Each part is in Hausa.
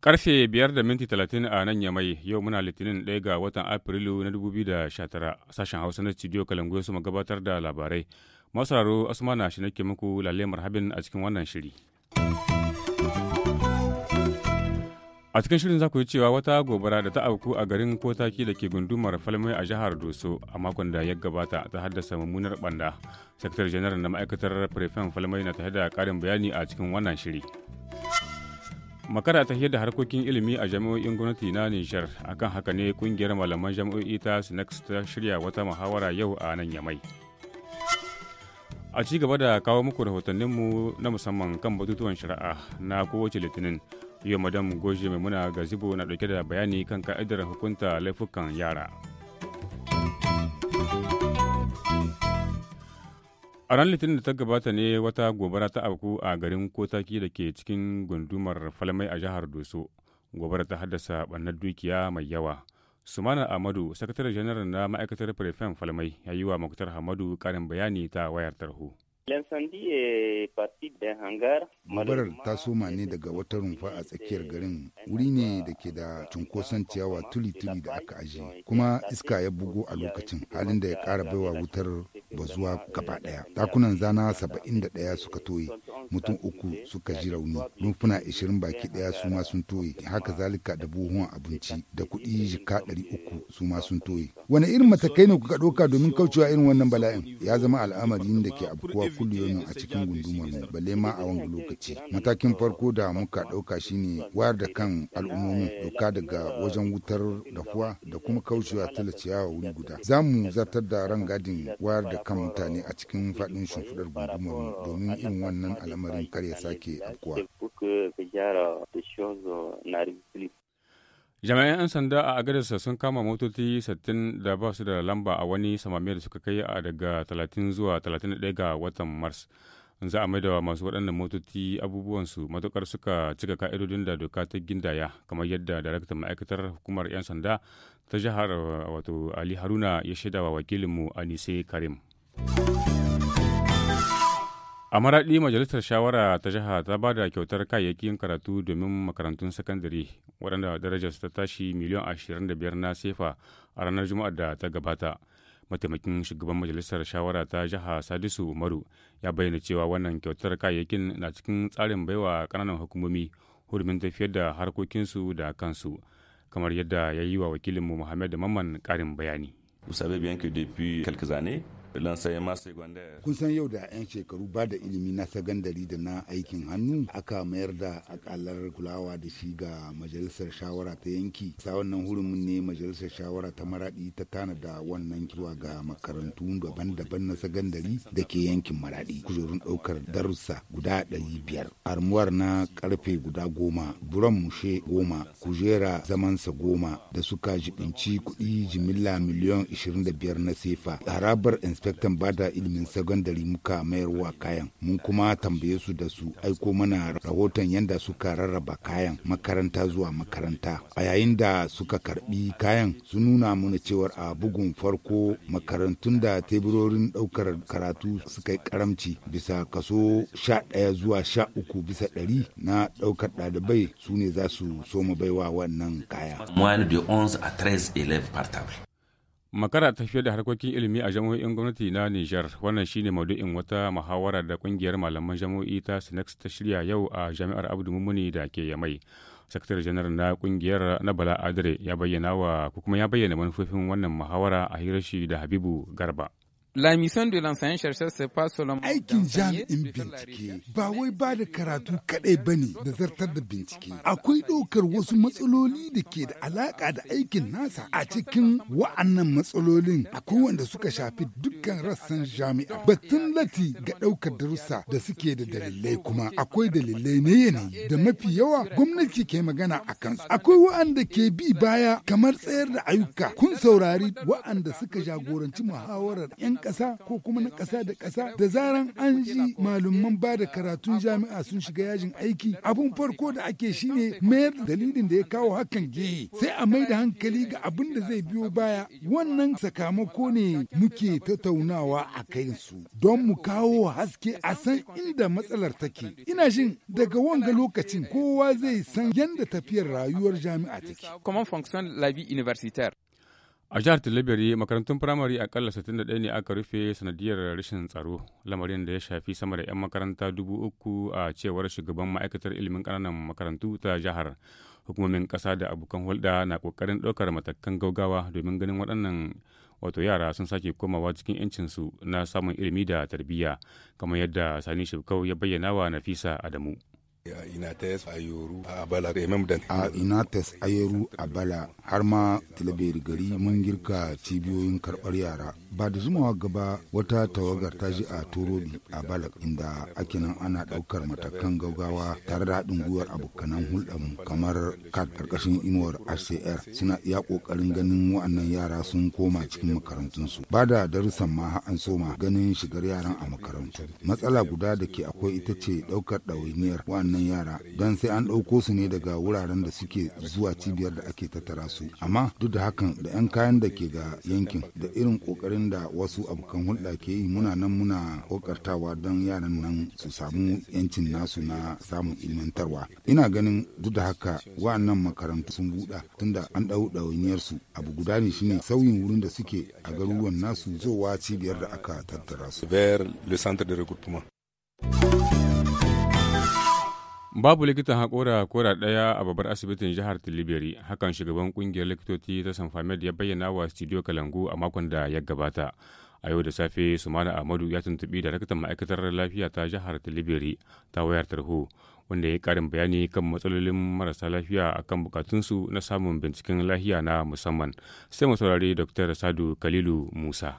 Karfe biyar da minti talatin a nan yamai yau muna litinin ɗaya ga watan Afrilu na da 2019 sashen Hausa na studio Kalangu su suma gabatar da labarai. Masu raro na shi nake muku lalle marhabin a cikin wannan shiri. A cikin shirin za ku yi cewa wata gobara da ta auku a garin Kotaki da ke gundumar Falmai a jihar Doso a makon da ya gabata ta haddasa mummunar banda. Sektar janar na ma'aikatar Prefen Falmai na tare da karin bayani a cikin wannan shiri. Makara ta da harkokin ilimi a jami'o'in gwamnati na Nijar akan haka ne kungiyar malaman jami'o'i ta Sinex ta shirya wata muhawara yau a nan Yamai. A ci gaba da kawo muku rahotanninmu na musamman kan batutuwan shari'a na kowace litinin Yau madam Goje Maimuna Gazibo na dauke da bayani kan ka'idar hukunta laifukan yara. A ran Litinin da ta gabata ne wata gobara ta afku a garin Kotaki da ke cikin gundumar Falmai a jihar Doso. Gobara ta haddasa ɓannar dukiya mai yawa. Sumana Amadu, sakataren janar na ma'aikatar Firfen Falmai, ya yi wa Muktar Hamadu ƙarin bayani ta wayar tarho. Eh, hangar Mabarar ta soma ne eh, daga wata rumfa a tsakiyar garin eh, wuri ne da ke da cunkoson ciyawa tuli-tuli da aka ajiye kuma iska ya bugo a lokacin halin da ya ƙara baiwa wutar bazuwa gaba ɗaya. Dakunan zana saba'in da ɗaya suka toye mutum uku suka ji rauni rumfuna ashirin baki daya su ma sun toye haka zalika da buhun abinci da kuɗi jika ɗari uku su ma sun toye wani irin matakai ne kuka ɗauka domin kaucewa irin wannan bala'in ya zama al'amarin da ke afkuwa kulliyomin a cikin gundumar mu balle ma a wani lokaci matakin farko da muka ɗauka shine wayar da kan al'ummomin doka daga wajen wutar dahuwa da kuma kaucewa talaciyawa wuri guda za mu zartar da rangadin wayar da kan mutane a cikin faɗin shimfiɗar gundumar mu domin irin wannan alamar. lamarin kar ya sake afkuwa. jami'an 'yan sanda a agadarsa sun kama motoci 60 da ba su da lamba a wani samamiyar da suka kai a daga 30 zuwa 31 ga watan mars za a maida masu waɗannan motoci abubuwansu matukar suka cika ka'idodin da doka ta gindaya kamar yadda daraktan ma'aikatar hukumar 'yan sanda ta jihar wato ali haruna ya shaidawa wakilinmu anise karim a maraɗi majalisar shawara ta jiha ta ba da kyautar kayayyakin karatu domin makarantun sakandare waɗanda darajar ta tashi miliyan 25 na sefa a ranar juma'ar da ta gabata mataimakin shugaban majalisar shawara ta jiha sadisu umaru ya bayyana cewa wannan kyautar kayayyakin na cikin tsarin baiwa ƙananan hukumomi hurumin tafiyar da harkokinsu da kansu kamar yadda ya yi wa wakilinmu muhammad mamman ƙarin bayani Vous savez bien que depuis quelques années, Kun san yau da 'yan shekaru ba da ilimi na sagandari da na aikin hannu aka mayar da akalar kulawa da shi ga majalisar shawara ta yanki. Sa wannan hurumin ne majalisar shawara ta maradi ta tana da wannan kiwa ga makarantu daban-daban na sagandari da ke yankin maradi. Kujerun ɗaukar darussa guda ɗari biyar. Armuwar na karfe guda goma, buran mushe goma, kujera zamansa goma da suka jibinci kuɗi jimilla miliyan 25 na sefa. Harabar inspektan bada ilimin sagandari muka mayarwa kayan mun kuma tambaye su da su aiko mana rahoton yadda suka rarraba kayan makaranta zuwa makaranta a yayin da suka karbi kayan su nuna mana cewar a bugun farko makarantun da teburorin daukar karatu suka yi karamci bisa kaso sha ɗaya zuwa sha uku bisa ɗari na daukar ɗalibai su ne za su soma baiwa wannan kaya. Moyenne de 11 à 13 élèves par table. Makara ta fiye da harkokin ilimi a jami'o'in gwamnati na Nijar wannan shine maudu'in wata muhawara da kungiyar malaman jami'o'i ta Sinex ta shirya yau a jami'ar Abdu Mumuni da ke Yamai. Sakatare janar na kungiyar na Bala Adre ya bayyana wa kuma ya bayyana manufofin wannan muhawara a hirar shi da Habibu Garba. La mission de l'enseignant chercheur c'est pas seulement aikin jami'in bincike ba wai ba da karatu kadai bane da zartar da bincike akwai ɗaukar wasu matsaloli da ke da alaka da aikin nasa a cikin wa'annan matsalolin akwai wanda suka shafi dukkan rassan jami'a batun lati ga ɗaukar darussa da suke da dalilai kuma akwai dalilai na yanayi da mafi yawa gwamnati ke magana a kansu akwai wa'anda ke bi baya kamar tsayar da ayyuka kun saurari wa'anda suka jagoranci muhawarar 'yan ƙasa ko kuma na ƙasa da ƙasa da zaran an ji malaman ba da karatun jami'a sun shiga yajin aiki abun farko da ake shine mayar dalilin da ya kawo hakan ge eh, sai a mai da hankali ga abin da zai biyo baya wannan sakamako ne muke tattaunawa a kai su don mu kawo haske a san inda matsalar take ina jin daga wanga lokacin kowa zai san yadda tafiyar rayuwar jami'a take. Comment fonctionne la vie universitaire? A jihar Tilibiri makarantun firamare akalla 61 ne aka rufe sanadiyar rashin tsaro lamarin da ya shafi sama da 'yan makaranta dubu uku a cewar shugaban ma'aikatar ilimin ƙananan makarantu ta jihar. Hukumomin ƙasa da abokan hulɗa na kokarin ɗaukar matakan gaugawa domin ganin waɗannan wato yara sun sake komawa cikin 'yancinsu na samun ilimi da tarbiyya kamar yadda Sani Shibkau ya bayyana wa Nafisa Adamu. a inates a abala bala har ma tilaberi gari mun girka cibiyoyin karbar yara ba da zumawa gaba wata tawagar ta ji a turobi a bala inda ake nan ana daukar matakan gaugawa tare da haɗin gwiwar abokanan hulɗar kamar kad karkashin inuwar hcr suna iya ƙoƙarin ganin wa'annan yara sun koma cikin makarantunsu ba da darussan ma an soma ganin shigar yaran a makarantu matsala guda da ke akwai ita ce ɗaukar ɗawainiyar wa'annan waɗannan yara don sai an ɗauko su ne daga wuraren da suke zuwa cibiyar da ake tattara su amma duk da hakan da 'yan kayan da ke ga yankin da irin ƙoƙarin da wasu abokan hulɗa ke yi muna nan muna ƙoƙartawa don yaran nan su samu 'yancin nasu na samun ilmantarwa ina ganin duk da haka wa'annan makarantu sun buɗa tunda an ɗau ɗawainiyarsu abu guda ne shine sauyin wurin da suke a garuruwan nasu zowa cibiyar da aka tattara su. Vers le centre de regroupement. Babu likitan haƙora kora ɗaya a babbar asibitin jihar Tilibiri, hakan shugaban ƙungiyar likitoci ta Sanfamed ya bayyana wa Studio Kalangu a makon da ya gabata. A yau da safe, Sumana Ahmadu ya tuntuɓi daraktan ma'aikatar lafiya ta jihar Tilibiri ta wayar tarho, wanda ya karin bayani kan matsalolin marasa lafiya a kan bukatunsu na samun binciken lafiya na musamman. Sai mu saurari Dr. Sadu Kalilu Musa.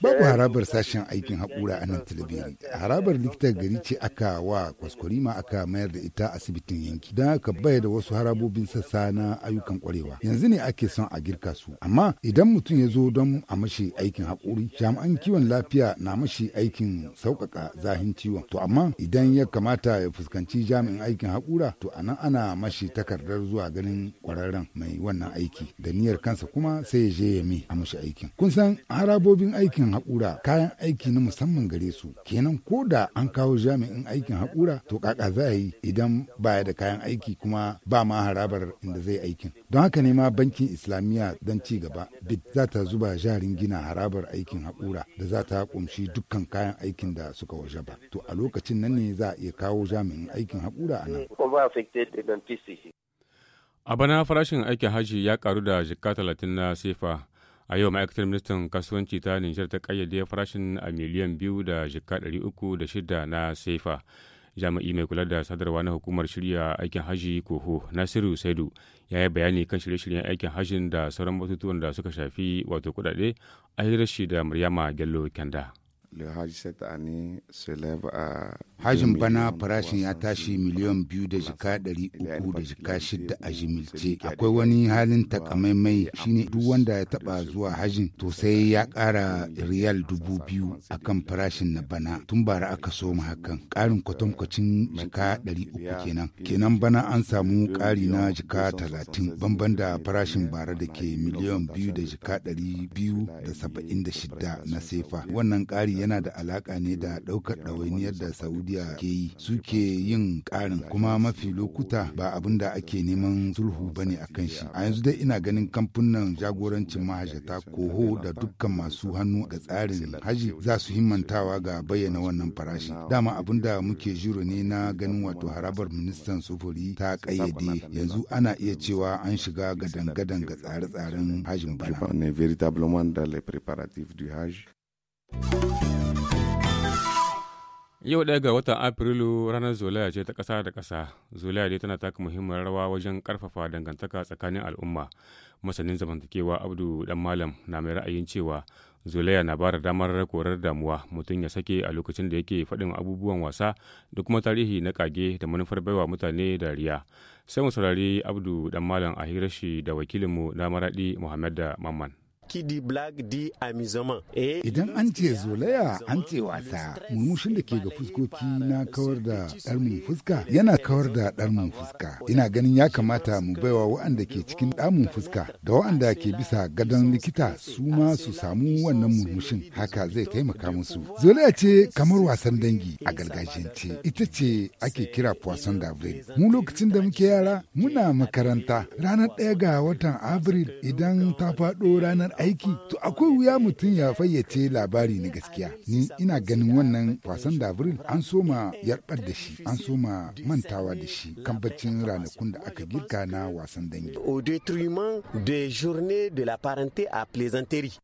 Babu harabar sashen aikin haƙura a nan Tilaberi. Harabar likitar gari ce aka wa kwaskwarima aka mayar da ita asibitin yanki. Don haka bai da wasu harabobin sassa na ayyukan kwarewa. Yanzu ne ake son a girka su. Amma idan mutum ya zo don a mashi aikin haƙuri, jami'an kiwon lafiya na mashi aikin sauƙaƙa zahin ciwon. To amma idan ya kamata ya fuskanci jami'in aikin haƙura, to a nan ana mashi takardar zuwa ganin kwararren mai wannan aiki. Da niyyar kansa kuma sai ya je ya mi. a mashi aikin kun san harabobin aikin haƙura kayan aiki na musamman gare su kenan ko da an kawo jami'in aikin haƙura to kaka za a yi idan baya da kayan aiki kuma ba ma harabar inda zai aikin don haka ne ma bankin islamiyya don ci gaba bid za ta zuba jarin gina harabar aikin haƙura da za ta ƙumshi dukkan kayan aikin da suka waje ba to a lokacin nan ne za a iya kawo jami'in aikin haƙura a nan a bana farashin aikin hajji ya karu da jikka talatin na sefa a yau ma'aikatar ministan kasuwanci ta nijar ta kayyade farashin a miliyan biyu da jika ɗari uku da shida na sefa jami'i mai kula da sadarwa na hukumar shirya aikin haji koho nasiru saidu ya yi bayani kan shirye-shiryen aikin hajin da sauran batutuwan da suka shafi wato kuɗaɗe a da maryama gello kenda. Hajin bana farashin ya tashi miliyan biyu da jika ɗari uku da jika shida a jimilce. Akwai wani halin takamaimai shine duk wanda ya taɓa zuwa hajin to sai ya ƙara riyal dubu biyu a farashin na bana euh, tun bara aka soma hakan. Ƙarin euh, kwatankwacin jika ɗari uku kenan. Kenan bana an samu ƙari na jika talatin banban da farashin bara da ke miliyan biyu da jika ɗari biyu da saba'in da shida na sefa. Wannan ƙari yana da alaƙa ne da ɗaukar ɗawainiyar da Saudiya ke yi suke yin ƙarin kuma mafi lokuta ba abin da ake neman sulhu ba ne akan shi. A yanzu dai ina ganin kamfunan jagorancin mahajata koho da dukkan masu hannu ga tsarin haji za su himmantawa ga bayyana wannan farashi. Dama abin da muke jiro ne na ganin wato harabar ministan sufuri ta ƙayyade yanzu ana iya cewa an shiga gadan-gadan ga tsare-tsaren hajjin bana. Yau ɗaya ga watan Afrilu ranar zolaya ce ta ƙasa da ƙasa. Zolaya dai tana taka muhimmiyar rawa wajen ƙarfafa dangantaka tsakanin al'umma. Masanin zamantakewa Abdu Dan Malam na mai ra'ayin cewa zolaya na bada damar korar damuwa mutum ya sake a lokacin da yake faɗin abubuwan wasa da kuma tarihi na kage da manufar baiwa mutane dariya. Sai mu saurari Abdu Dan Malam a shi da wakilinmu na maraɗi Muhammad da Mamman. Ki di blag di amusement. Idan an ce zolaya an ce wasa murmushin da ke ga fuskoki na kawar da ɗarmin fuska yana kawar da ɗarmin fuska. Ina ganin ya kamata mu baiwa wa'anda ke cikin ɗamun fuska da waɗanda ke bisa gadon likita su ma su samu wannan murmushin haka zai taimaka musu. Zolaya ce kamar wasan dangi a gargajiyance ita ce ake kira poisson d'avril. Mu lokacin da muke yara muna makaranta ranar ɗaya ga watan abril idan ta faɗo ranar aiki to akwai wuya mutum ya fayyace labari na gaskiya ni ina ganin wannan wasan dabril an soma yarbar da shi an soma mantawa da shi kan baccin ranakun da aka girka na wasan dangi au detriment de journée de la parenté à plaisanterie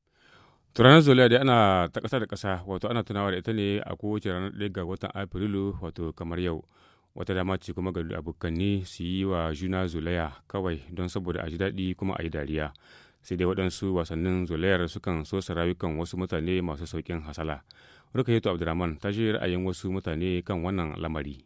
turanar zoliya da ana ta ƙasa da kasa wato ana tunawa da ita ne a kowace ranar ɗaya ga watan afrilu wato kamar yau wata dama ce kuma ga abokanni su yi wa juna zolaya kawai don saboda a ji daɗi kuma a yi dariya sai dai waɗansu wasannin zolayar sukan sosa rayukan wasu mutane masu sauƙin hasala rukayetu abdulrahman ta shi ra'ayin wasu mutane kan wannan lamari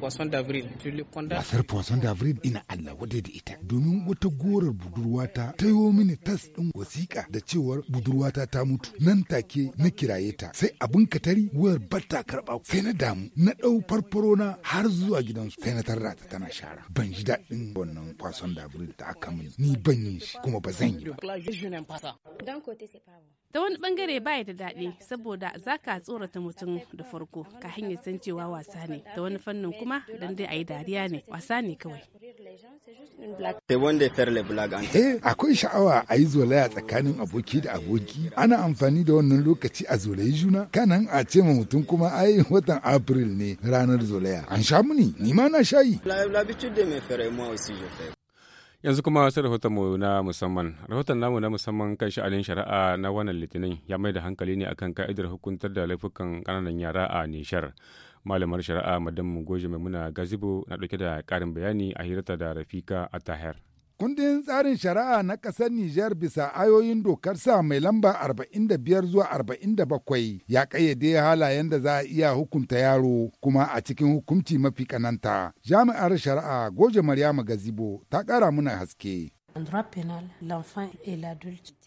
Wasar Poisson d'Avril ina Allah wadai da ita domin wata gorar budurwata ta yi mini tas ɗin wasiƙa da cewar budurwata ta mutu nan take na kiraye ta sai abin katari wayar bata karɓa sai na damu na ɗau farfaro na har zuwa gidansu sai na tarra ta tana shara ban ji daɗin wannan Poisson d'Avril da aka mini ni ban yi shi kuma ba zan yi ba. ta wani bangare baya da daɗi saboda za ka tsorata mutum da farko ka hanyar san cewa wasa ne ta wani fannin kuma dan dai yi dariya ne wasa ne kawai eh akwai sha'awa a yi zolaya tsakanin aboki da aboki ana amfani da wannan lokaci a zolayi juna kanan a ce ma mutum kuma ai watan april ne ranar zolaya an sha muni ni ma na shayi yanzu kuma sai mu na musamman rahoton namu na musamman kan sha'anin shari'a na wannan litinin ya mai da hankali ne akan ka'idar hukuntar da laifukan kananan yara a nishar malamar shari'a madam goje maimuna gazibo na dauke da karin bayani a hirata da rafika a tahir Kundin tsarin shari'a na ƙasar Nijar bisa ayoyin dokar sa mai lamba 45 zuwa 47 ya ƙayyade halayen da za a iya hukunta yaro kuma a cikin hukunci mafi kananta. Jami'ar shari'a Goje Maryama Gazibo ta ƙara muna haske.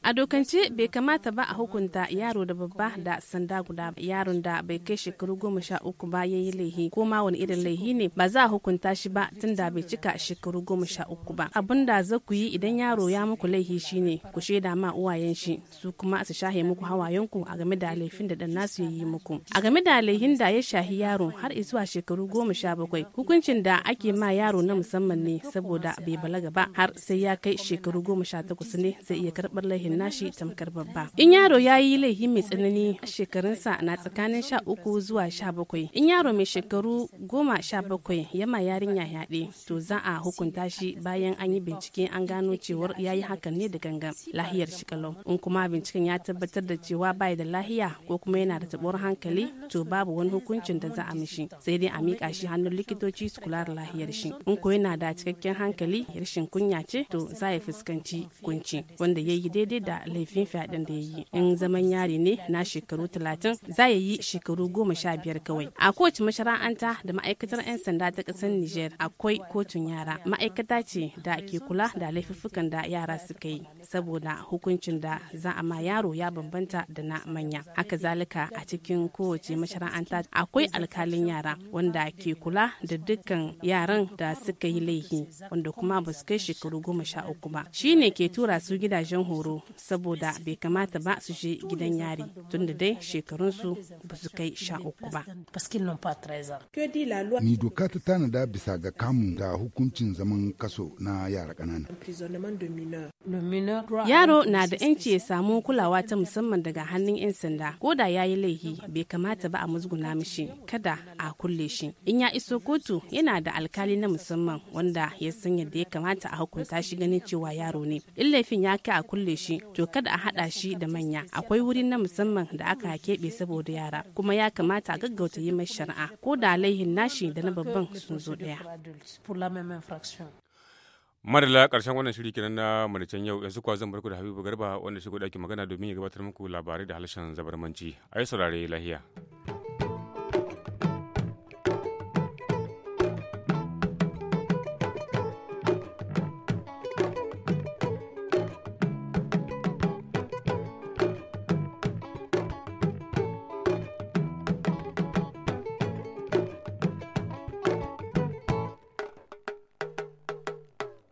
A dokance bai kamata ba a hukunta yaro da babba da sanda guda yaron da bai kai shekaru goma sha uku ba ya yi laihi ko ma wani irin laihi ne ba za a hukunta shi ba tun da bai cika shekaru goma sha uku ba. Abin da za ku yi idan yaro ya muku laihi shine ku shaida ma uwayen shi su kuma su shahe muku hawayenku a game da laifin da dan nasu ya yi muku. A game da laihin da ya shahi yaro har zuwa shekaru goma sha bakwai hukuncin da ake ma yaro na musamman ne saboda bai balaga ba har sai ya kai shekaru goma sha takwas ne zai iya karɓar laihin nashi tamkar babba in yaro ya yi laifi mai tsanani shekarunsa na tsakanin sha uku zuwa sha bakwai in yaro mai shekaru goma sha bakwai yama yarinya yaɗe to za a hukunta shi bayan an yi bincike an gano cewar ya yi hakan ne da gangan lahiyar shi kalau in kuma binciken ya tabbatar da cewa bai da lahiya ko kuma yana da tabuwar hankali to babu wani hukuncin da za a mishi sai dai a miƙa shi hannun likitoci su kula da lahiyar shi in ko yana da cikakken hankali rashin kunya ce to za ya fuskanci kunci wanda ya yi daidai da laifin fyaɗen da ya yi in zaman yari ne na shekaru talatin za ya yi shekaru goma sha biyar kawai a kowace mashara'anta da ma'aikatar 'yan sanda ta ƙasar niger akwai kotun yara ma'aikata ce da ke kula da laifuffukan da yara suka yi saboda hukuncin da za a ma yaro ya bambanta da na manya haka zalika a cikin kowace mashara'anta akwai alkalin yara wanda ke kula da dukkan yaran da suka yi laifi wanda kuma ba su kai shekaru goma sha uku ba shine ke tura su gidajen horo saboda bai kamata ba su je gidan yari tunda dai shekarunsu ba su kai sha uku ba. Ni doka ta tanada bisa ga kamu da hukuncin zaman kaso na yara ƙanana. Yaro na da 'yanci ya samu kulawa ta musamman daga hannun 'yan sanda ko da ya yi laihi bai kamata ba a musguna mishi kada a kulle shi. In ya iso kotu yana da alkali na musamman wanda ya san yadda ya kamata a hukunta shi ganin cewa yaro ne. In laifin ya kai a kulle shi to kada a haɗa shi da manya akwai wurin na musamman da aka keɓe saboda yara kuma ya kamata a gaggauta yi mai shari'a ko da laihin nashi da na babban sun zo ɗaya. madalla karshen wannan shiri kenan na maricen yau yanzu kuwa zan barku da habibu garba wanda shi ɗakin magana domin ya gabatar muku labarai da harshen zabarmanci a saurare lahiya.